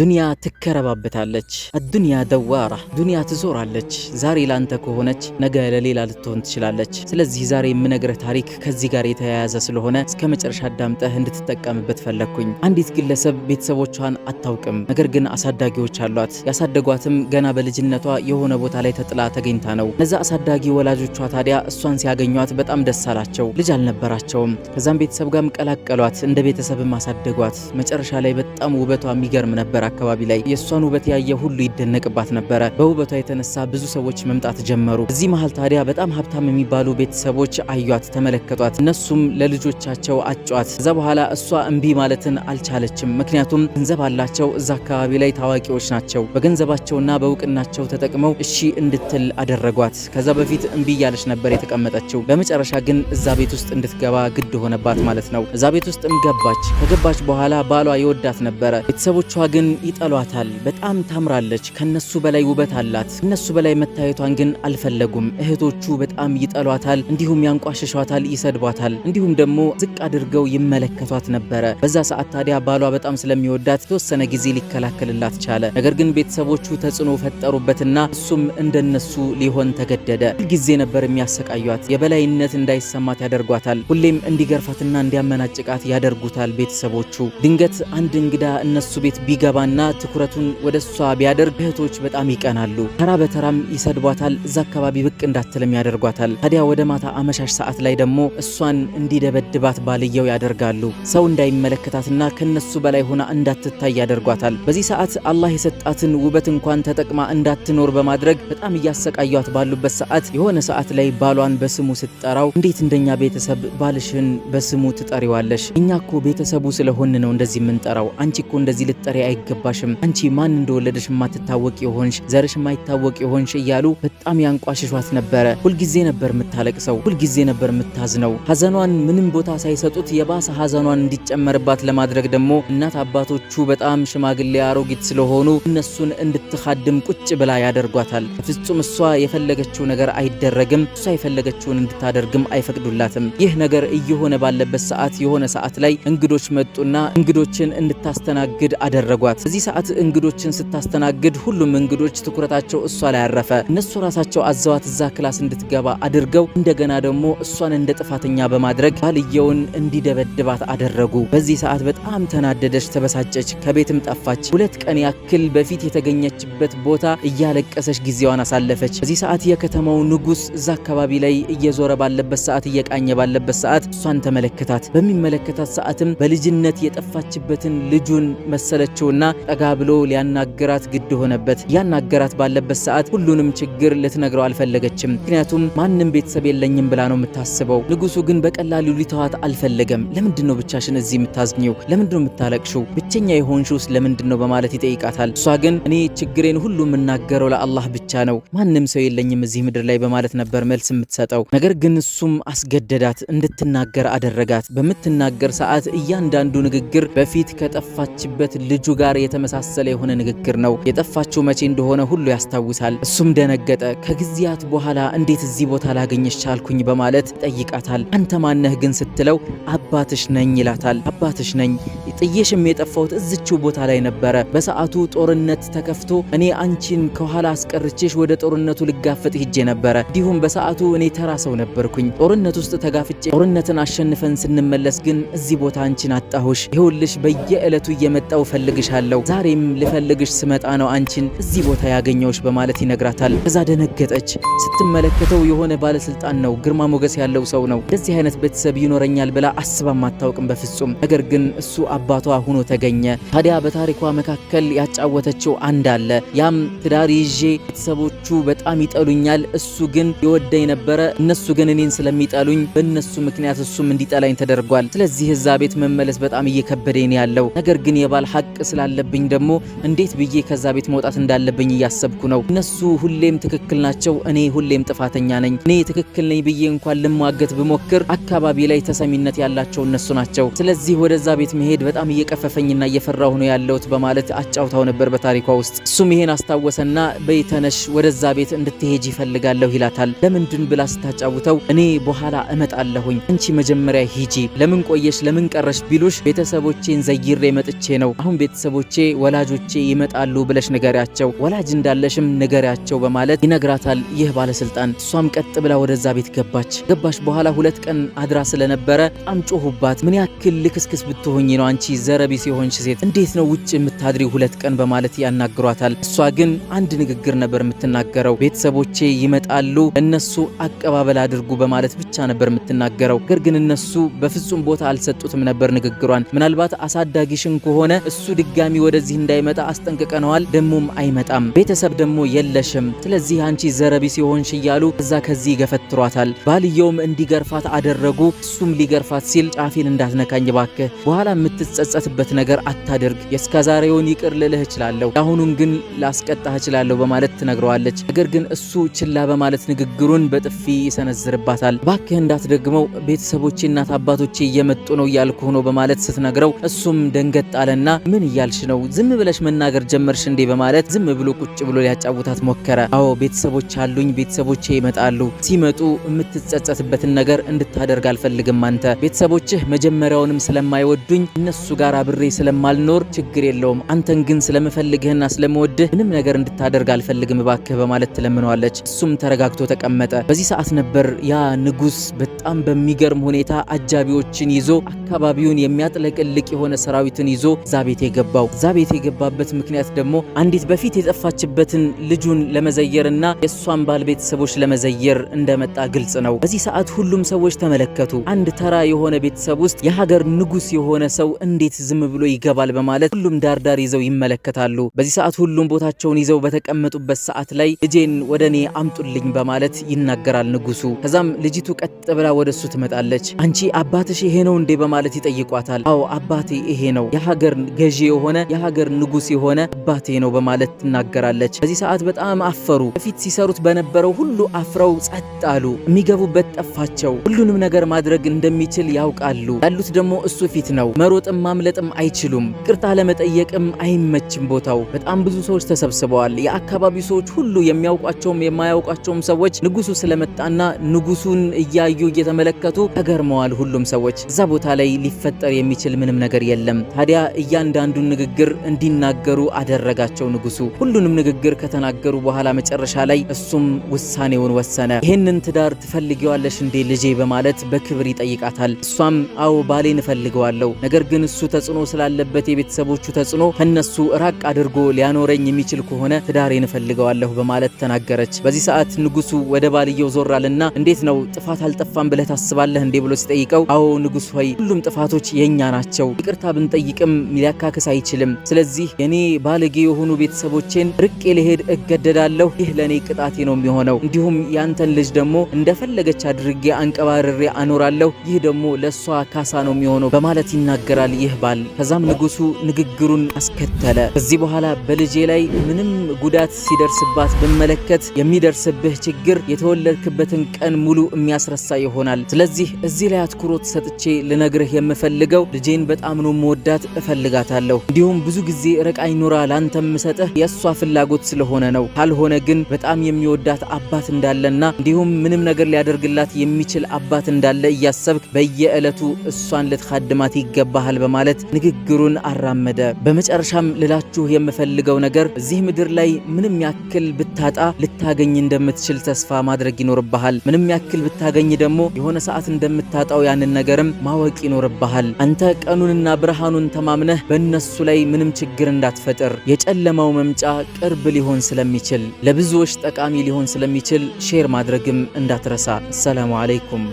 ዱንያ ትከረባበታለች። አዱንያ ደዋራ፣ ዱንያ ትዞራለች። ዛሬ ላንተ ከሆነች ነገ ለሌላ ልትሆን ትችላለች። ስለዚህ ዛሬ የምነግርህ ታሪክ ከዚህ ጋር የተያያዘ ስለሆነ እስከ መጨረሻ አዳምጠህ እንድትጠቀምበት ፈለግኩኝ። አንዲት ግለሰብ ቤተሰቦቿን አታውቅም። ነገር ግን አሳዳጊዎች አሏት። ያሳደጓትም ገና በልጅነቷ የሆነ ቦታ ላይ ተጥላ ተገኝታ ነው። እነዛ አሳዳጊ ወላጆቿ ታዲያ እሷን ሲያገኟት በጣም ደስ አላቸው። ልጅ አልነበራቸውም። ከዛም ቤተሰብ ጋርም ቀላቀሏት፣ እንደ ቤተሰብም አሳደጓት። መጨረሻ ላይ በጣም ውበቷ የሚገርም ነበር። አካባቢ ላይ የእሷን ውበት ያየ ሁሉ ይደነቅባት ነበረ። በውበቷ የተነሳ ብዙ ሰዎች መምጣት ጀመሩ። እዚህ መሀል ታዲያ በጣም ሀብታም የሚባሉ ቤተሰቦች አዩት፣ ተመለከቷት። እነሱም ለልጆቻቸው አጯት። ከዛ በኋላ እሷ እምቢ ማለትን አልቻለችም። ምክንያቱም ገንዘብ አላቸው፣ እዛ አካባቢ ላይ ታዋቂዎች ናቸው። በገንዘባቸውና በእውቅናቸው ተጠቅመው እሺ እንድትል አደረጓት። ከዛ በፊት እምቢ እያለች ነበር የተቀመጠችው። በመጨረሻ ግን እዛ ቤት ውስጥ እንድትገባ ግድ ሆነባት ማለት ነው። እዛ ቤት ውስጥም ገባች። ከገባች በኋላ ባሏ ይወዳት ነበረ። ቤተሰቦቿ ግን ይጠሏታል። በጣም ታምራለች፣ ከነሱ በላይ ውበት አላት። እነሱ በላይ መታየቷን ግን አልፈለጉም። እህቶቹ በጣም ይጠሏታል፣ እንዲሁም ያንቋሸሿታል፣ ይሰድቧታል፣ እንዲሁም ደግሞ ዝቅ አድርገው ይመለከቷት ነበረ። በዛ ሰዓት ታዲያ ባሏ በጣም ስለሚወዳት የተወሰነ ጊዜ ሊከላከልላት ቻለ። ነገር ግን ቤተሰቦቹ ተጽዕኖ ፈጠሩበትና እሱም እንደነሱ ሊሆን ተገደደ። ሁልጊዜ ነበር የሚያሰቃያት፣ የበላይነት እንዳይሰማት ያደርጓታል። ሁሌም እንዲገርፋትና እንዲያመናጭቃት ያደርጉታል ቤተሰቦቹ። ድንገት አንድ እንግዳ እነሱ ቤት ቢገባ ቢሰማና ትኩረቱን ወደ እሷ ቢያደርግ እህቶች በጣም ይቀናሉ። ተራ በተራም ይሰድቧታል። እዛ አካባቢ ብቅ እንዳትልም ያደርጓታል። ታዲያ ወደ ማታ አመሻሽ ሰዓት ላይ ደግሞ እሷን እንዲደበድባት ባልየው ያደርጋሉ። ሰው እንዳይመለከታትና ከነሱ በላይ ሆና እንዳትታይ ያደርጓታል። በዚህ ሰዓት አላህ የሰጣትን ውበት እንኳን ተጠቅማ እንዳትኖር በማድረግ በጣም እያሰቃያት ባሉበት ሰዓት የሆነ ሰዓት ላይ ባሏን በስሙ ስትጠራው እንዴት እንደኛ ቤተሰብ ባልሽን በስሙ ትጠሪዋለሽ? እኛ እኮ ቤተሰቡ ስለሆን ነው እንደዚህ የምንጠራው። አንቺ እኮ እንደዚህ ልትጠሪ አይገባ አልገባሽም፣ አንቺ ማን እንደወለደሽ የማትታወቅ የሆንሽ ዘርሽ የማይታወቅ የሆንሽ እያሉ በጣም ያንቋሽሿት ነበረ። ሁልጊዜ ነበር የምታለቅሰው፣ ሁልጊዜ ነበር የምታዝነው። ሐዘኗን ምንም ቦታ ሳይሰጡት የባሰ ሐዘኗን እንዲጨመርባት ለማድረግ ደግሞ እናት አባቶቹ በጣም ሽማግሌ አሮጊት ስለሆኑ እነሱን እንድትካድም ቁጭ ብላ ያደርጓታል። ፍጹም እሷ የፈለገችው ነገር አይደረግም። እሷ የፈለገችውን እንድታደርግም አይፈቅዱላትም። ይህ ነገር እየሆነ ባለበት ሰዓት የሆነ ሰዓት ላይ እንግዶች መጡና እንግዶችን እንድታስተናግድ አደረጓት። በዚህ ሰዓት እንግዶችን ስታስተናግድ ሁሉም እንግዶች ትኩረታቸው እሷ ላይ አረፈ እነሱ ራሳቸው አዘዋት እዛ ክላስ እንድትገባ አድርገው እንደገና ደግሞ እሷን እንደ ጥፋተኛ በማድረግ ባልየውን እንዲደበድባት አደረጉ። በዚህ ሰዓት በጣም ተናደደች፣ ተበሳጨች፣ ከቤትም ጠፋች። ሁለት ቀን ያክል በፊት የተገኘችበት ቦታ እያለቀሰች ጊዜዋን አሳለፈች። በዚህ ሰዓት የከተማው ንጉስ እዛ አካባቢ ላይ እየዞረ ባለበት ሰዓት እየቃኘ ባለበት ሰዓት እሷን ተመለከታት። በሚመለከታት ሰዓትም በልጅነት የጠፋችበትን ልጁን መሰለችውና ጠጋ ብሎ ሊያናገራት ግድ ሆነበት። ያናገራት ባለበት ሰዓት ሁሉንም ችግር ልትነግረው አልፈለገችም። ምክንያቱም ማንም ቤተሰብ የለኝም ብላ ነው የምታስበው። ንጉሱ ግን በቀላሉ ሊተዋት አልፈለገም። ለምንድን ነው ብቻሽን እዚህ የምታዝኘው? ለምንድን ነው የምታለቅሽው? ብቸኛ የሆንሽውስ ለምንድን ነው በማለት ይጠይቃታል። እሷ ግን እኔ ችግሬን ሁሉ የምናገረው ለአላህ ብቻ ነው፣ ማንም ሰው የለኝም እዚህ ምድር ላይ በማለት ነበር መልስ የምትሰጠው። ነገር ግን እሱም አስገደዳት፣ እንድትናገር አደረጋት። በምትናገር ሰዓት እያንዳንዱ ንግግር በፊት ከጠፋችበት ልጁ ጋር የተመሳሰለ የሆነ ንግግር ነው። የጠፋችው መቼ እንደሆነ ሁሉ ያስታውሳል። እሱም ደነገጠ። ከጊዜያት በኋላ እንዴት እዚህ ቦታ ላገኘሽ ቻልኩኝ በማለት ይጠይቃታል። አንተ ማነህ ግን ስትለው አባትሽ ነኝ ይላታል። አባትሽ ነኝ ጥየሽም የጠፋሁት እዝችው ቦታ ላይ ነበረ። በሰዓቱ ጦርነት ተከፍቶ እኔ አንቺን ከኋላ አስቀርቼሽ ወደ ጦርነቱ ልጋፈጥ ሄጄ ነበረ። እንዲሁም በሰዓቱ እኔ ተራ ሰው ነበርኩኝ። ጦርነት ውስጥ ተጋፍጬ ጦርነትን አሸንፈን ስንመለስ ግን እዚህ ቦታ አንቺን አጣሁሽ። ይኸውልሽ በየዕለቱ እየመጣው ፈልግሻል አለው። ዛሬም ልፈልግሽ ስመጣ ነው አንቺን እዚህ ቦታ ያገኘውሽ በማለት ይነግራታል። ከዛ ደነገጠች። ስትመለከተው የሆነ ባለስልጣን ነው፣ ግርማ ሞገስ ያለው ሰው ነው። እንደዚህ አይነት ቤተሰብ ይኖረኛል ብላ አስባም አታውቅም በፍጹም። ነገር ግን እሱ አባቷ ሆኖ ተገኘ። ታዲያ በታሪኳ መካከል ያጫወተችው አንድ አለ። ያም ትዳር ይዤ ቤተሰቦቹ በጣም ይጠሉኛል፣ እሱ ግን ይወደኝ ነበረ። እነሱ ግን እኔን ስለሚጠሉኝ በእነሱ ምክንያት እሱም እንዲጠላኝ ተደርጓል። ስለዚህ እዛ ቤት መመለስ በጣም እየከበደኝ ያለው ነገር ግን የባል ሀቅ ስላለ ካለብኝ ደግሞ እንዴት ብዬ ከዛ ቤት መውጣት እንዳለብኝ እያሰብኩ ነው። እነሱ ሁሌም ትክክል ናቸው፣ እኔ ሁሌም ጥፋተኛ ነኝ። እኔ ትክክል ነኝ ብዬ እንኳን ልሟገት ብሞክር አካባቢ ላይ ተሰሚነት ያላቸው እነሱ ናቸው። ስለዚህ ወደዛ ቤት መሄድ በጣም እየቀፈፈኝና እየፈራሁ ነው ያለሁት በማለት አጫውታው ነበር በታሪኳ ውስጥ። እሱም ይሄን አስታወሰና በይተነሽ ወደዛ ቤት እንድትሄጅ ይፈልጋለሁ ይላታል። ለምንድን ብላ ስታጫውተው እኔ በኋላ እመጣለሁኝ፣ አንቺ መጀመሪያ ሂጂ፣ ለምን ቆየሽ፣ ለምን ቀረሽ ቢሉሽ ቤተሰቦቼን ዘይሬ መጥቼ ነው አሁን ቤተሰቦች ቤተሰቦቼ ወላጆቼ ይመጣሉ ብለሽ ንገሪያቸው፣ ወላጅ እንዳለሽም ንገሪያቸው በማለት ይነግራታል ይህ ባለስልጣን። እሷም ቀጥ ብላ ወደዛ ቤት ገባች። ገባች በኋላ ሁለት ቀን አድራ ስለነበረ በጣም ጮሁባት። ምን ያክል ልክስክስ ብትሆኝ ነው አንቺ ዘረቢስ የሆንሽ ሴት፣ እንዴት ነው ውጭ የምታድሪ ሁለት ቀን በማለት ያናግሯታል። እሷ ግን አንድ ንግግር ነበር የምትናገረው፣ ቤተሰቦቼ ይመጣሉ እነሱ አቀባበል አድርጉ በማለት ብቻ ነበር የምትናገረው። ነገር ግን እነሱ በፍጹም ቦታ አልሰጡትም ነበር ንግግሯን። ምናልባት አሳዳጊሽን ከሆነ እሱ ድጋሚ ወደዚህ እንዳይመጣ አስጠንቅቀነዋል። ደሞም አይመጣም። ቤተሰብ ደግሞ የለሽም፣ ስለዚህ አንቺ ዘረቢ የሆንሽ እያሉ እዛ ከዚህ ገፈትሯታል። ባልየውም እንዲገርፋት አደረጉ። እሱም ሊገርፋት ሲል ጫፌን እንዳትነካኝ ባክህ፣ በኋላ የምትጸጸትበት ነገር አታድርግ። የእስከዛሬውን ይቅር ልልህ እችላለሁ፣ አሁኑን ግን ላስቀጣህ እችላለሁ በማለት ትነግረዋለች። ነገር ግን እሱ ችላ በማለት ንግግሩን በጥፊ ይሰነዝርባታል። ባክህ እንዳትደግመው፣ ቤተሰቦቼ እናት አባቶቼ እየመጡ ነው እያልኩህ ነው በማለት ስትነግረው እሱም ደንገጥ አለና ምን እያልሽ ነው ዝም ብለሽ መናገር ጀመርሽ እንዴ በማለት ዝም ብሎ ቁጭ ብሎ ሊያጫውታት ሞከረ። አዎ ቤተሰቦች አሉኝ፣ ቤተሰቦቼ ይመጣሉ። ሲመጡ የምትጸጸትበትን ነገር እንድታደርግ አልፈልግም። አንተ ቤተሰቦችህ መጀመሪያውንም ስለማይወዱኝ እነሱ ጋር አብሬ ስለማልኖር ችግር የለውም። አንተን ግን ስለምፈልግህና ስለምወድህ ምንም ነገር እንድታደርግ አልፈልግም እባክህ በማለት ትለምነዋለች። እሱም ተረጋግቶ ተቀመጠ። በዚህ ሰዓት ነበር ያ ንጉስ በጣም በሚገርም ሁኔታ አጃቢዎችን ይዞ አካባቢውን የሚያጥለቅልቅ የሆነ ሰራዊትን ይዞ ዛ ቤት የገባው። እዛ ቤት የገባበት ምክንያት ደግሞ አንዲት በፊት የጠፋችበትን ልጁን ለመዘየርና የእሷን ባል ቤተሰቦች ለመዘየር እንደመጣ ግልጽ ነው። በዚህ ሰዓት ሁሉም ሰዎች ተመለከቱ። አንድ ተራ የሆነ ቤተሰብ ውስጥ የሀገር ንጉስ የሆነ ሰው እንዴት ዝም ብሎ ይገባል? በማለት ሁሉም ዳርዳር ይዘው ይመለከታሉ። በዚህ ሰዓት ሁሉም ቦታቸውን ይዘው በተቀመጡበት ሰዓት ላይ ልጄን ወደ እኔ አምጡልኝ በማለት ይናገራል ንጉሱ። ከዛም ልጅቱ ቀጥ ብላ ወደ እሱ ትመጣለች። አንቺ አባትሽ ይሄ ነው እንዴ? በማለት ይጠይቋታል። አዎ አባቴ ይሄ ነው። የሀገር ገዢ የሆነ የሆነ የሀገር ንጉስ የሆነ አባቴ ነው በማለት ትናገራለች። በዚህ ሰዓት በጣም አፈሩ። በፊት ሲሰሩት በነበረው ሁሉ አፍረው ጸጥ አሉ። የሚገቡበት ጠፋቸው። ሁሉንም ነገር ማድረግ እንደሚችል ያውቃሉ። ያሉት ደግሞ እሱ ፊት ነው። መሮጥም ማምለጥም አይችሉም። ቅርታ ለመጠየቅም አይመችም ቦታው። በጣም ብዙ ሰዎች ተሰብስበዋል። የአካባቢው ሰዎች ሁሉ የሚያውቋቸውም የማያውቋቸውም ሰዎች ንጉሱ ስለመጣና ንጉሱን እያዩ እየተመለከቱ ተገርመዋል። ሁሉም ሰዎች እዛ ቦታ ላይ ሊፈጠር የሚችል ምንም ነገር የለም። ታዲያ እያንዳንዱን ንግግር ንግግር እንዲናገሩ አደረጋቸው ንጉሱ። ሁሉንም ንግግር ከተናገሩ በኋላ መጨረሻ ላይ እሱም ውሳኔውን ወሰነ። ይህንን ትዳር ትፈልጊዋለሽ እንዴ ልጄ በማለት በክብር ይጠይቃታል። እሷም አዎ ባሌን እፈልገዋለሁ፣ ነገር ግን እሱ ተጽዕኖ ስላለበት የቤተሰቦቹ ተጽዕኖ ከነሱ ራቅ አድርጎ ሊያኖረኝ የሚችል ከሆነ ትዳሬን እፈልገዋለሁ በማለት ተናገረች። በዚህ ሰዓት ንጉሱ ወደ ባልየው ዞራልና እንዴት ነው ጥፋት አልጠፋም ብለህ ታስባለህ እንዴ ብሎ ሲጠይቀው አዎ ንጉሱ ሆይ ሁሉም ጥፋቶች የእኛ ናቸው፣ ይቅርታ ብንጠይቅም ሊያካክስ አይችልም አልችልም። ስለዚህ የኔ ባለጌ የሆኑ ቤተሰቦቼን ርቄ ልሄድ እገደዳለሁ። ይህ ለእኔ ቅጣቴ ነው የሚሆነው። እንዲሁም ያንተን ልጅ ደግሞ እንደፈለገች አድርጌ አንቀባርሬ አኖራለሁ። ይህ ደግሞ ለእሷ ካሳ ነው የሚሆነው በማለት ይናገራል ይህ ባል። ከዛም ንጉሱ ንግግሩን አስከተለ። ከዚህ በኋላ በልጄ ላይ ምንም ጉዳት ሲደርስባት ብመለከት የሚደርስብህ ችግር የተወለድክበትን ቀን ሙሉ የሚያስረሳ ይሆናል። ስለዚህ እዚህ ላይ አትኩሮት ሰጥቼ ልነግርህ የምፈልገው ልጄን በጣም ነው መወዳት እፈልጋታለሁ እንዲሁም እንዲሁም ብዙ ጊዜ ርቃኝ ኑራ ላንተ የምሰጥህ የእሷ ፍላጎት ስለሆነ ነው። ካልሆነ ግን በጣም የሚወዳት አባት እንዳለና እንዲሁም ምንም ነገር ሊያደርግላት የሚችል አባት እንዳለ እያሰብክ በየዕለቱ እሷን ልትካድማት ይገባሃል በማለት ንግግሩን አራመደ። በመጨረሻም ልላችሁ የምፈልገው ነገር እዚህ ምድር ላይ ምንም ያክል ብታጣ ልታገኝ እንደምትችል ተስፋ ማድረግ ይኖርብሃል። ምንም ያክል ብታገኝ ደግሞ የሆነ ሰዓት እንደምታጣው ያንን ነገርም ማወቅ ይኖርብሃል። አንተ ቀኑንና ብርሃኑን ተማምነህ በእነሱ ላይ ላይ ምንም ችግር እንዳትፈጥር፣ የጨለማው መምጫ ቅርብ ሊሆን ስለሚችል ለብዙዎች ጠቃሚ ሊሆን ስለሚችል ሼር ማድረግም እንዳትረሳ። ሰላሙ አለይኩም